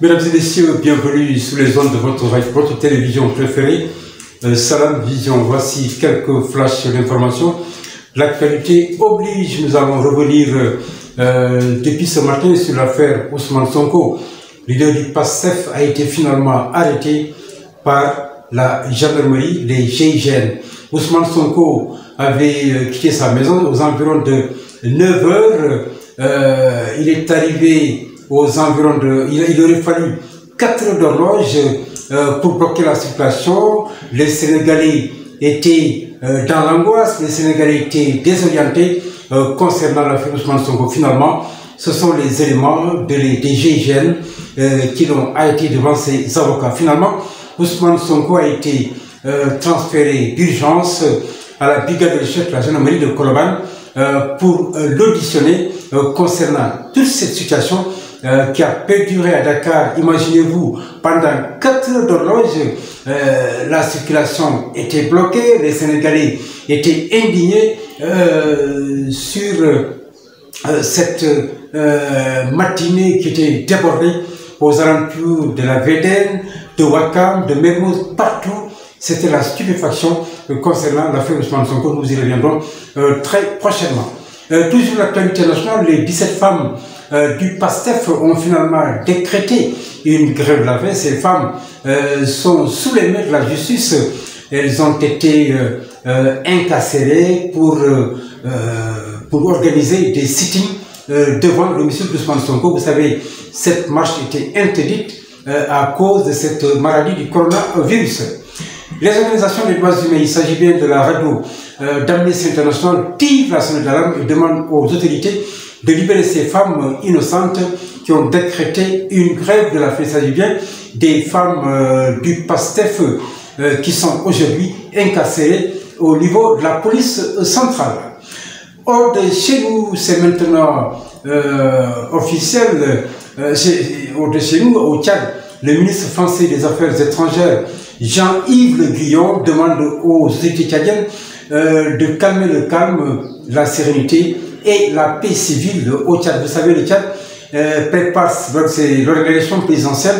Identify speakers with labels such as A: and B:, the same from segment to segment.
A: Mesdames et messieurs, bienvenue sous les ondes de votre, votre télévision préférée, euh, Salam Vision. Voici quelques flashs d'informations. L'actualité oblige, nous allons revenir euh, depuis ce matin sur l'affaire Ousmane Sonko. L'idée du PASSEF a été finalement arrêté par la gendarmerie, les GIGN. Ousmane Sonko avait euh, quitté sa maison aux environs de 9 heures. Euh, il est arrivé Il, aurait fallu 4 heures euh, pour bloquer la situation. Les Sénégalais étaient euh, dans l'angoisse, les Sénégalais étaient euh, concernant l'affaire Ousmane Sonko. Finalement, ce sont les éléments de les, des GIGN qui l'ont arrêté devant ses avocats. Finalement, Ousmane Sonko a été transféré d'urgence à la brigade de chef de la gendarmerie de Koloban pour l'auditionner concernant toute cette situation euh, qui a perduré à Dakar, imaginez-vous, pendant 4 heures euh, la circulation était bloquée, les Sénégalais étaient indignés euh, sur euh, cette euh, matinée qui était débordée aux alentours de la Védène, de Wakam, de Mermoz, partout. C'était la stupéfaction concernant l'affaire Ousmane Sonko. Nous y reviendrons très prochainement. toujours l'actualité nationale, les 17 femmes Euh, du PASTEF ont finalement décrété une grève la veille. Ces femmes euh, sont sous les mains de la justice. Elles ont été euh, incarcérées pour, pour organiser des sittings devant le monsieur Ousmane Sonko. Vous savez, cette marche était interdite à cause de cette maladie du coronavirus. Les organisations des droits humains, il s'agit bien de la radio euh, d'Amnesty International, tirent la sonnette d'alarme et demandent aux autorités de libérer ces femmes innocentes qui ont décrété une grève de la faim du bien, des femmes euh, du PASTEF euh, qui sont aujourd'hui incarcérées au niveau de la police centrale. Or, de chez nous, c'est maintenant euh, officiel, euh, chez, or de chez nous, au Tchad, le ministre français des Affaires étrangères, Jean-Yves Le Guillon, demande aux étudiants euh, de calmer le calme, la sérénité et la paix civile, le Haut-Tchad. Vous savez, le Tchad euh, prépare l'organisation présidentielle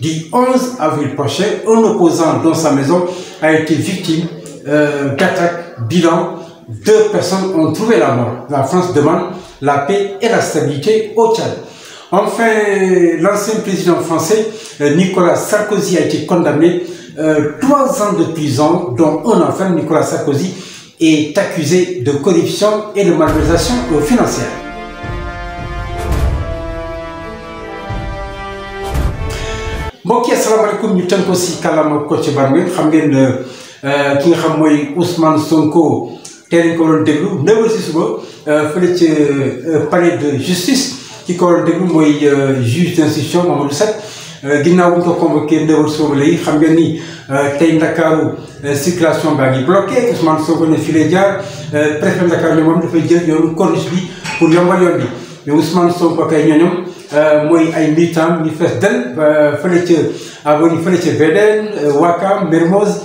A: du 11 avril prochain. Un opposant dans sa maison a été victime euh, d'attaques. Bilan, deux personnes ont trouvé la mort. La France demande la paix et la stabilité au Tchad. Enfin, l'ancien président français, euh, Nicolas Sarkozy, a été condamné euh, trois ans de prison, dont un enfant, Nicolas Sarkozy, est accusé de corruption et de malversation financière. mbokk yi asalaamaaleykum ñu tënk ko si kàllaama ko ci bar ngeen xam ngeen euh, ki nga xam mooy Ousmane Sonko tey lañ ko doon déglu neuf heures si suba euh, fële ca euh, palais de justice ki ko doon déglu mooy juge d'instruction Euh, ginnaaw bu ñu ko convoqué Ndéwër Soble xam ngeen ni euh, tey Ndakaaru euh, circulation baa ngi bloqué Ousmane Sonko ne fii lay jaar préfet ne moom dafay jël yoonu corniche bi pour yombal yoon bi mais Ousmane Sonko kay ñooñam mooy ay militant ñu fees del fële ca avenue fële ca Mermoz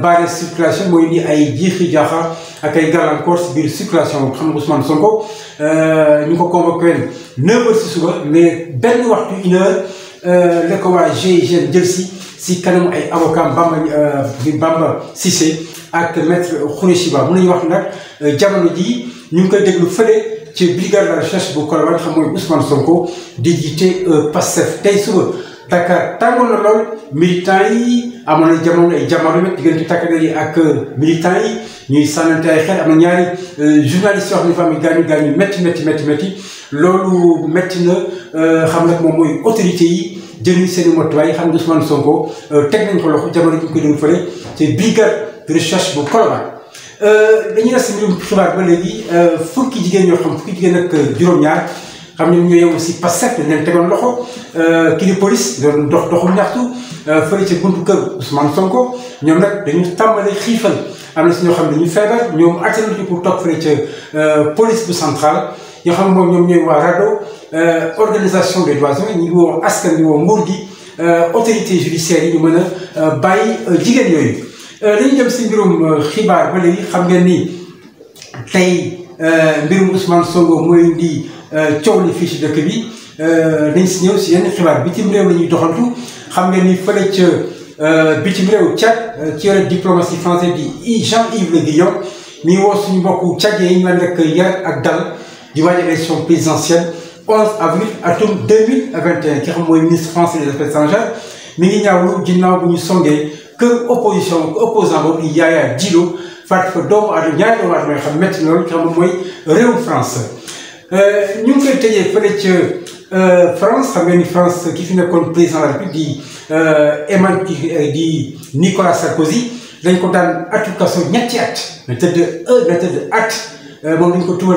A: barre circulation mooy ni ay jiixi jaaxa ak ay gàllankoor si circulation xam nga Ousmane Sonko ñu ko convoqué 9 heures si suba mais benn waxtu une heure la euh, ko waa GIGN jël si si kanam ay avocat Bamba bi euh, Bamba Cissé ak maître Khoureyssi Ba mun nañu wax nag euh, jamono jii ñu ngi koy déglu fële. ci brigade de la recherche bu Colobane xam mooy Ousmane Sonko di jiite Pastef tey suba Dakar tàngoon na lool amoon na jamono ay jamono nag diggante takk-der yi ak euh, militants yi ñuy sànnante ay xel am na ñaari euh, journalistes yoo xam ne fa am gaañu gaañu métti métti métti loolu métti na euh, xam nga moom mooy autorité yi jënd seeni i motuwaay xam nga Ousmane Sonko teg nañ ko loxo jamono ji ñu ko doon fële te bu Colobane. dañuy des si mbirum fukki jigéen ñoo xam fukki juróom-ñaar. xam ñoo ñu yeewu aussi Pastef dañ leen tegoon loxo euh, kii di police doon dox doxu ñaxtu euh, fële ci buntu kër Ousmane Sonko ñoom nag dañu tàmbale xiifal am na si ñoo xam ne dañu feebar ñoom àtte nañu pour toog fële ca euh, police bu centrale yoo xam ne moom ñoom ñooy waa RADDHO organisation des droits humains ñu ngi woo askan bi woo nguur gi autorité judiciaire yi ñu mën a bàyyi jigéen yooyu si mbirum xibaar ba léegi xam ngeen ni tey mbirum Ousmane Sonko mooy indi Euh, coow li fii ci dëkk bi euh, nañ si ñëw si yenn xibaar bitim réew la ñuy doxantu xam ngeen ni fële ca euh, bitim réew Tchad ci yore diplomatie français bi i Jean-Yves Le Drian mi ngi woo suñu mbokku Tchad yi ñu ànd ak yar ak dal di waaj élection présidentielle 11 avril atum 2021 ki xam mooy ministre français des affaires étrangères mi ngi ñaawlu ginnaaw bu ñu songee que opposition que opposant boobu Yaya Diallo fàttali fa doomu aadama ñaari doomu ki xam mooy France Euh, ñu ngi koy tëjee fële ca euh, France xam nga ni France ki fi nekkoon président de la République di euh, Emmanuel di Nicolas Sarkozy dañ ko daan atu kaso ñetti at na tëdd na tëdd at moom dañ ko tuumal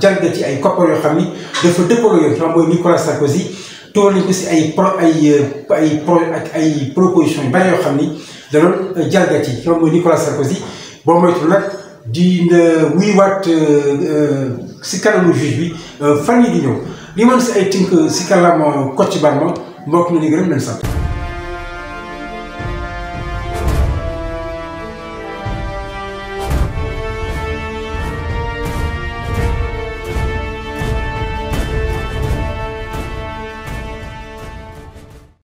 A: tamit da ay koppar yoo xam ni dafa dëppaloo yoon xam mooy Nicolas Sarkozy ko si ay pro ay ay pro ak ay propositions yu bari yoo xam ni da doon jalgati xam mooy Nicolas Sarkozy boo moytu nag dina wuyuwaat si kanamu juge bi euh, fan yi di ñëw li mën si ay tënk si kàllaama Kocc Barma mbokk ñu ngi gërëm leen sant